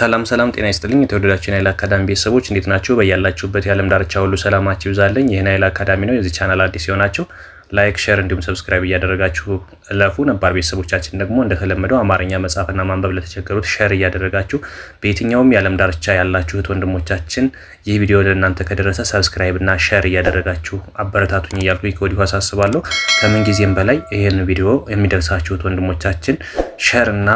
ሰላም ሰላም፣ ጤና ይስጥልኝ የተወደዳችሁ ናይል አካዳሚ ቤተሰቦች እንዴት ናችሁ? በያላችሁበት የዓለም ዳርቻ ሁሉ ሰላማችሁ ይብዛልኝ። ይህ ናይል አካዳሚ ነው። የዚህ ቻናል አዲስ የሆናችሁ ላይክ፣ ሼር እንዲሁም ሰብስክራይብ እያደረጋችሁ እለፉ። ነባር ቤተሰቦቻችን ደግሞ እንደተለመደው አማርኛ መጻፍና ማንበብ ለተቸገሩት ሼር እያደረጋችሁ በየትኛውም የዓለም ዳርቻ ያላችሁት ወንድሞቻችን ይህ ቪዲዮ ለእናንተ ከደረሰ ሰብስክራይብና ሼር እያደረጋችሁ አበረታቱኝ እያልኩ ከወዲሁ አሳስባለሁ። ከምን ጊዜም በላይ ይህን ቪዲዮ የሚደርሳችሁት ወንድሞቻችን ሼርና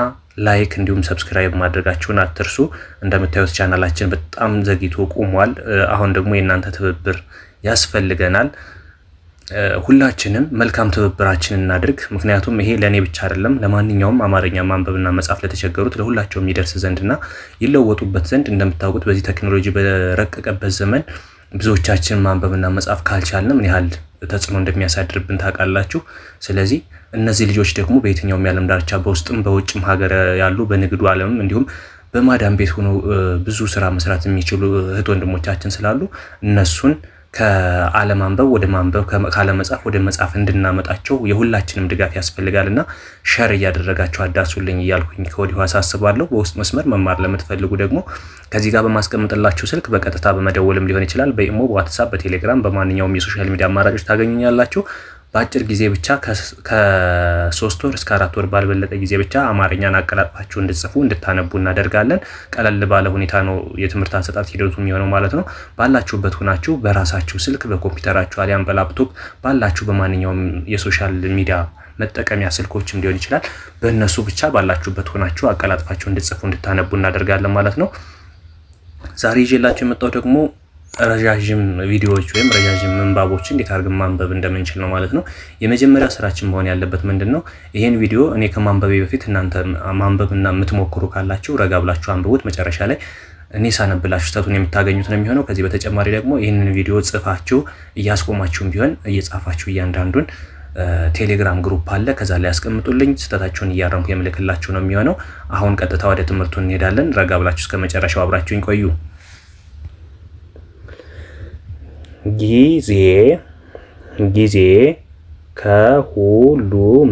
ላይክ እንዲሁም ሰብስክራይብ ማድረጋችሁን አትርሱ። እንደምታዩት ቻናላችን በጣም ዘግይቶ ቆሟል። አሁን ደግሞ የእናንተ ትብብር ያስፈልገናል። ሁላችንም መልካም ትብብራችን እናድርግ። ምክንያቱም ይሄ ለእኔ ብቻ አይደለም፣ ለማንኛውም አማርኛ ማንበብና መጻፍ ለተቸገሩት ለሁላቸውም ይደርስ ዘንድና ይለወጡበት ዘንድ እንደምታውቁት በዚህ ቴክኖሎጂ በረቀቀበት ዘመን ብዙዎቻችን ማንበብና መጻፍ ካልቻልን ምን ያህል ተጽዕኖ እንደሚያሳድርብን ታውቃላችሁ። ስለዚህ እነዚህ ልጆች ደግሞ በየትኛውም የዓለም ዳርቻ በውስጥም በውጭም ሀገር ያሉ በንግዱ ዓለምም እንዲሁም በማዳም ቤት ሆኖ ብዙ ስራ መስራት የሚችሉ እህት ወንድሞቻችን ስላሉ እነሱን ከአለማንበብ ወደ ማንበብ ካለመጻፍ ወደ መጻፍ እንድናመጣቸው የሁላችንም ድጋፍ ያስፈልጋል እና ሸር እያደረጋቸው አዳሱልኝ እያልኩኝ ከወዲሁ አሳስባለሁ። በውስጥ መስመር መማር ለምትፈልጉ ደግሞ ከዚህ ጋር በማስቀምጥላችሁ ስልክ በቀጥታ በመደወልም ሊሆን ይችላል። በኢሞ፣ በዋትሳፕ፣ በቴሌግራም በማንኛውም የሶሻል ሚዲያ አማራጮች ታገኙኛላችሁ። በአጭር ጊዜ ብቻ ከሶስት ወር እስከ አራት ወር ባልበለጠ ጊዜ ብቻ አማርኛን አቀላጥፋችሁ እንድጽፉ እንድታነቡ እናደርጋለን። ቀለል ባለ ሁኔታ ነው የትምህርት አሰጣት ሂደቱ የሚሆነው ማለት ነው። ባላችሁበት ሁናችሁ በራሳችሁ ስልክ፣ በኮምፒውተራችሁ አሊያም በላፕቶፕ ባላችሁ በማንኛውም የሶሻል ሚዲያ መጠቀሚያ ስልኮችም ሊሆን ይችላል። በእነሱ ብቻ ባላችሁበት ሆናችሁ አቀላጥፋችሁ እንድጽፉ እንድታነቡ እናደርጋለን ማለት ነው። ዛሬ ይዤላችሁ የመጣው ደግሞ ረዣዥም ቪዲዮዎች ወይም ረዣዥም ምንባቦች እንዴት አድርገን ማንበብ እንደምንችል ነው ማለት ነው። የመጀመሪያ ስራችን መሆን ያለበት ምንድን ነው? ይህን ቪዲዮ እኔ ከማንበቤ በፊት እናንተ ማንበብና የምትሞክሩ ካላችሁ ረጋ ብላችሁ አንብቡት። መጨረሻ ላይ እኔ ሳነብላችሁ ስህተቱን የምታገኙት ነው የሚሆነው። ከዚህ በተጨማሪ ደግሞ ይህንን ቪዲዮ ጽፋችሁ እያስቆማችሁም ቢሆን እየጻፋችሁ እያንዳንዱን ቴሌግራም ግሩፕ አለ። ከዛ ላይ ያስቀምጡልኝ ስህተታችሁን እያረምኩ የምልክላችሁ ነው የሚሆነው። አሁን ቀጥታ ወደ ትምህርቱ እንሄዳለን። ረጋ ብላችሁ እስከ መጨረሻው አብራችሁኝ ቆዩ። ጊዜ ጊዜ ከሁሉም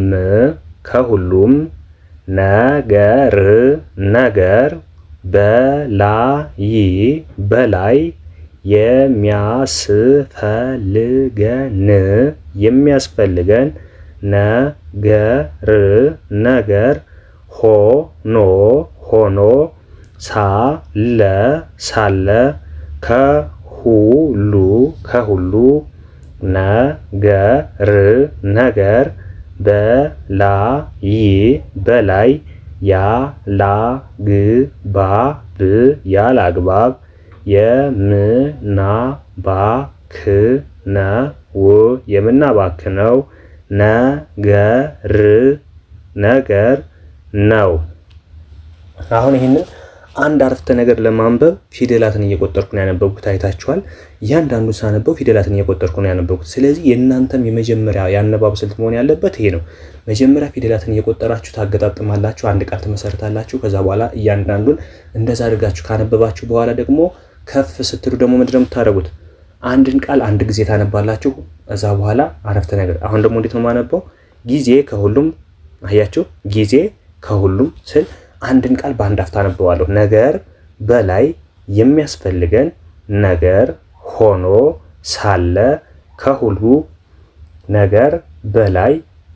ከሁሉም ነገር ነገር በላይ በላይ የሚያስፈልገን የሚያስፈልገን ነገር ነገር ሆኖ ሆኖ ሳለ ሳለ ከ ሁሉ ከሁሉ ነገር ነገር በላይ በላይ ያላግባብ ያላግባብ የምናባክ ነው ነገር ነገር ነው። አሁን ይህንን አንድ አረፍተ ነገር ለማንበብ ፊደላትን እየቆጠርኩ ነው ያነበብኩት። አይታችኋል። እያንዳንዱ ሳነበው ፊደላትን እየቆጠርኩ ነው ያነበብኩት። ስለዚህ የእናንተም የመጀመሪያ የአነባብ ስልት መሆን ያለበት ይሄ ነው። መጀመሪያ ፊደላትን እየቆጠራችሁ ታገጣጥማላችሁ፣ አንድ ቃል ትመሰርታላችሁ። ከዛ በኋላ እያንዳንዱን እንደዛ አድርጋችሁ ካነበባችሁ በኋላ ደግሞ ከፍ ስትሉ ደግሞ ምንድን ነው የምታደርጉት? አንድን ቃል አንድ ጊዜ ታነባላችሁ። ከዛ በኋላ አረፍተ ነገር። አሁን ደግሞ እንዴት ነው የማነበው? ጊዜ ከሁሉም አያችሁ፣ ጊዜ ከሁሉም ስል አንድን ቃል በአንድ አፍታ አነብዋለሁ። ነገር በላይ የሚያስፈልገን ነገር ሆኖ ሳለ ከሁሉ ነገር በላይ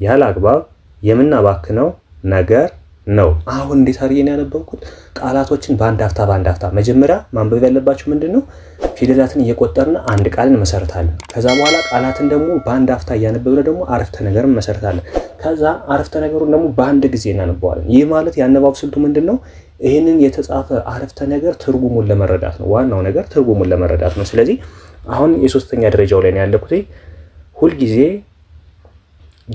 ያለ አግባብ የምናባክነው ነገር ነው። አሁን እንዴት አድርጌ ነው ያነበብኩት? ቃላቶችን በአንድ ሀፍታ በአንድ ሀፍታ መጀመሪያ ማንበብ ያለባቸው ምንድን ነው? ፊደላትን እየቆጠርን አንድ ቃል እንመሰርታለን። ከዛ በኋላ ቃላትን ደግሞ በአንድ ሀፍታ እያነበብን ደግሞ አረፍተ ነገር እንመሰርታለን። ከዛ አረፍተ ነገሩን ደግሞ በአንድ ጊዜ እናነበዋለን። ይህ ማለት የአነባብ ስልቱ ምንድን ነው? ይህንን የተጻፈ አረፍተ ነገር ትርጉሙን ለመረዳት ነው። ዋናው ነገር ትርጉሙን ለመረዳት ነው። ስለዚህ አሁን የሶስተኛ ደረጃው ላይ ነው ያለኩት ሁልጊዜ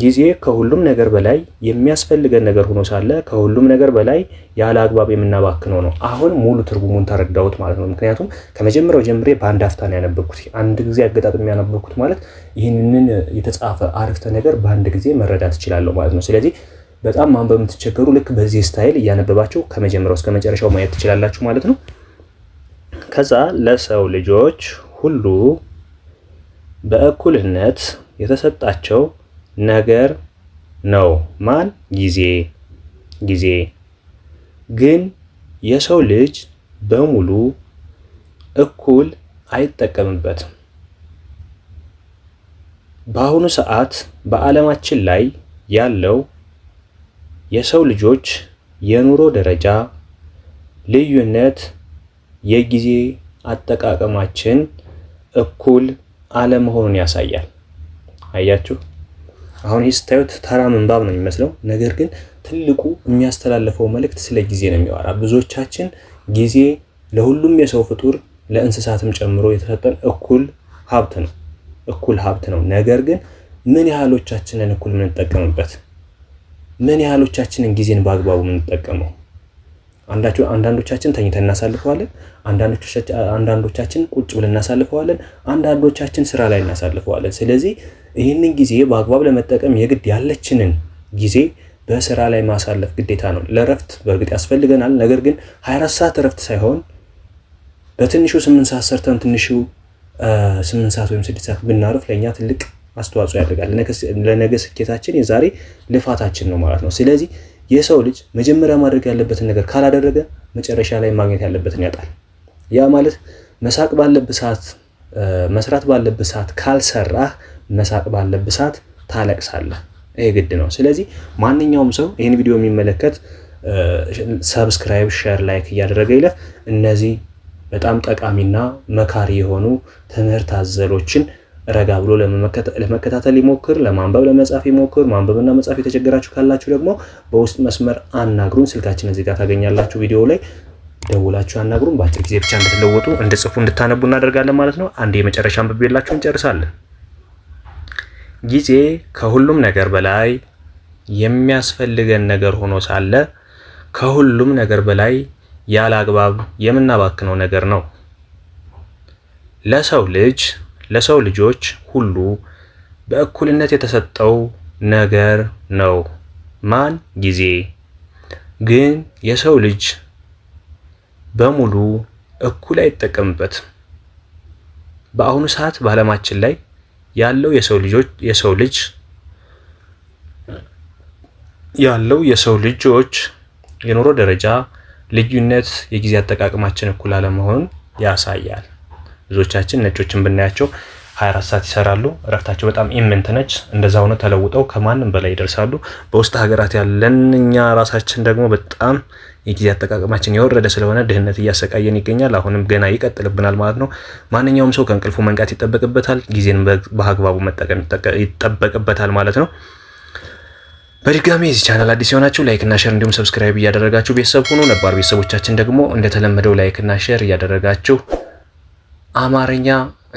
ጊዜ ከሁሉም ነገር በላይ የሚያስፈልገን ነገር ሆኖ ሳለ ከሁሉም ነገር በላይ ያለ አግባብ የምናባክነው ነው። አሁን ሙሉ ትርጉሙን ተረዳሁት ማለት ነው። ምክንያቱም ከመጀመሪያው ጀምሬ በአንድ አፍታ ነው ያነበብኩት። አንድ ጊዜ አገጣጥም ያነበብኩት ማለት ይህንን የተጻፈ አረፍተ ነገር በአንድ ጊዜ መረዳት እችላለሁ ማለት ነው። ስለዚህ በጣም ማንበብ የምትቸገሩ ልክ በዚህ ስታይል እያነበባቸው ከመጀመሪያው እስከ መጨረሻው ማየት ትችላላችሁ ማለት ነው። ከዛ ለሰው ልጆች ሁሉ በእኩልነት የተሰጣቸው ነገር ነው። ማን ጊዜ ጊዜ። ግን የሰው ልጅ በሙሉ እኩል አይጠቀምበትም። በአሁኑ ሰዓት በዓለማችን ላይ ያለው የሰው ልጆች የኑሮ ደረጃ ልዩነት የጊዜ አጠቃቀማችን እኩል አለመሆኑን ያሳያል። አያችሁ? አሁን ይህ ስታዩት ተራ ምንባብ ነው የሚመስለው፣ ነገር ግን ትልቁ የሚያስተላልፈው መልእክት ስለ ጊዜ ነው የሚያወራ። ብዙዎቻችን ጊዜ ለሁሉም የሰው ፍጡር ለእንስሳትም ጨምሮ የተሰጠን እኩል ሀብት ነው እኩል ሀብት ነው። ነገር ግን ምን ያህሎቻችንን እኩል የምንጠቀምበት? ምን ያህሎቻችንን ጊዜን በአግባቡ የምንጠቀመው? አንዳንዶቻችን ተኝተን እናሳልፈዋለን። አንዳንዶቻችን ቁጭ ብለን እናሳልፈዋለን። አንዳንዶቻችን ስራ ላይ እናሳልፈዋለን። ስለዚህ ይህንን ጊዜ በአግባብ ለመጠቀም የግድ ያለችንን ጊዜ በስራ ላይ ማሳለፍ ግዴታ ነው። ለረፍት በእርግጥ ያስፈልገናል። ነገር ግን 24 ሰዓት እረፍት ሳይሆን በትንሹ 8 ሰዓት ሰርተን ትንሹ 8 ሰዓት ወይም 6 ሰዓት ብናርፍ ለእኛ ትልቅ አስተዋጽኦ ያደርጋል። ለነገ ስኬታችን የዛሬ ልፋታችን ነው ማለት ነው። ስለዚህ የሰው ልጅ መጀመሪያ ማድረግ ያለበትን ነገር ካላደረገ መጨረሻ ላይ ማግኘት ያለበትን ያጣል። ያ ማለት መሳቅ ባለበት ሰዓት መስራት ባለብህ ሰዓት ካልሰራህ መሳቅ ባለብህ ሰዓት ታለቅሳለህ። ይሄ ግድ ነው። ስለዚህ ማንኛውም ሰው ይህን ቪዲዮ የሚመለከት ሰብስክራይብ፣ ሼር፣ ላይክ እያደረገ ይለፍ። እነዚህ በጣም ጠቃሚና መካሪ የሆኑ ትምህርት አዘሎችን ረጋ ብሎ ለመከታተል ይሞክር። ለማንበብ ለመጻፍ ይሞክር። ማንበብና መጻፍ የተቸገራችሁ ካላችሁ ደግሞ በውስጥ መስመር አናግሩን። ስልካችን እዚህ ጋር ታገኛላችሁ ቪዲዮ ላይ ደውላችሁ ያናግሩን። በአጭር ጊዜ ብቻ እንድትለወጡ እንድጽፉ እንድታነቡ እናደርጋለን ማለት ነው። አንድ የመጨረሻ አንብቤላችሁ እንጨርሳለን። ጊዜ ከሁሉም ነገር በላይ የሚያስፈልገን ነገር ሆኖ ሳለ ከሁሉም ነገር በላይ ያለ አግባብ የምናባክነው ነገር ነው። ለሰው ልጅ ለሰው ልጆች ሁሉ በእኩልነት የተሰጠው ነገር ነው ማን ጊዜ። ግን የሰው ልጅ በሙሉ እኩል አይጠቀምበትም። በአሁኑ ሰዓት በዓለማችን ላይ ያለው የሰው ልጆች የሰው ልጅ ያለው የሰው ልጆች የኑሮ ደረጃ ልዩነት የጊዜ አጠቃቀማችን እኩል አለመሆኑን ያሳያል። ብዙዎቻችን ነጮችን ብናያቸው 24 ሰዓት ይሰራሉ። እረፍታቸው በጣም ኢምንት ነች። እንደዛ ሆነ ተለውጠው ከማንም በላይ ይደርሳሉ። በውስጥ ሀገራት ያለን እኛ ራሳችን ደግሞ በጣም የጊዜ አጠቃቀማችን የወረደ ስለሆነ ድህነት እያሰቃየን ይገኛል። አሁንም ገና ይቀጥልብናል ማለት ነው። ማንኛውም ሰው ከእንቅልፉ መንቃት ይጠበቅበታል። ጊዜን በአግባቡ መጠቀም ይጠበቅበታል ማለት ነው። በድጋሚ የዚህ ቻናል አዲስ የሆናችሁ ላይክ እና ሼር እንዲሁም ሰብስክራይብ እያደረጋችሁ ቤተሰብ ሁኑ። ነባር ቤተሰቦቻችን ደግሞ እንደተለመደው ላይክ እና ሼር እያደረጋችሁ አማርኛ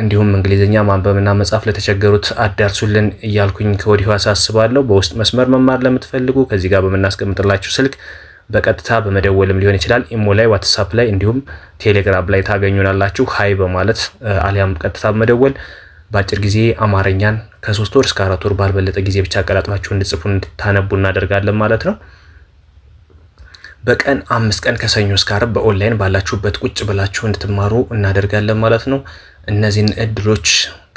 እንዲሁም እንግሊዝኛ ማንበብና መጻፍ ለተቸገሩት አዳርሱልን እያልኩኝ ከወዲሁ አሳስባለሁ። በውስጥ መስመር መማር ለምትፈልጉ ከዚህ ጋር በምናስቀምጥላችሁ ስልክ በቀጥታ በመደወልም ሊሆን ይችላል። ኢሞ ላይ፣ ዋትሳፕ ላይ እንዲሁም ቴሌግራም ላይ ታገኙናላችሁ። ሀይ በማለት አሊያም ቀጥታ በመደወል በአጭር ጊዜ አማርኛን ከሶስት ወር እስከ አራት ወር ባልበለጠ ጊዜ ብቻ አቀላጥፋችሁ እንድጽፉ እንድታነቡ እናደርጋለን ማለት ነው። በቀን አምስት ቀን ከሰኞ እስከ አርብ በኦንላይን ባላችሁበት ቁጭ ብላችሁ እንድትማሩ እናደርጋለን ማለት ነው። እነዚህን እድሎች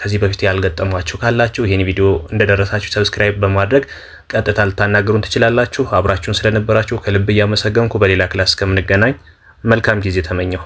ከዚህ በፊት ያልገጠሟችሁ ካላችሁ ይህን ቪዲዮ እንደደረሳችሁ ሰብስክራይብ በማድረግ ቀጥታ ልታናገሩን ትችላላችሁ። አብራችሁን ስለነበራችሁ ከልብ እያመሰገንኩ በሌላ ክላስ እስከምንገናኝ መልካም ጊዜ ተመኘው።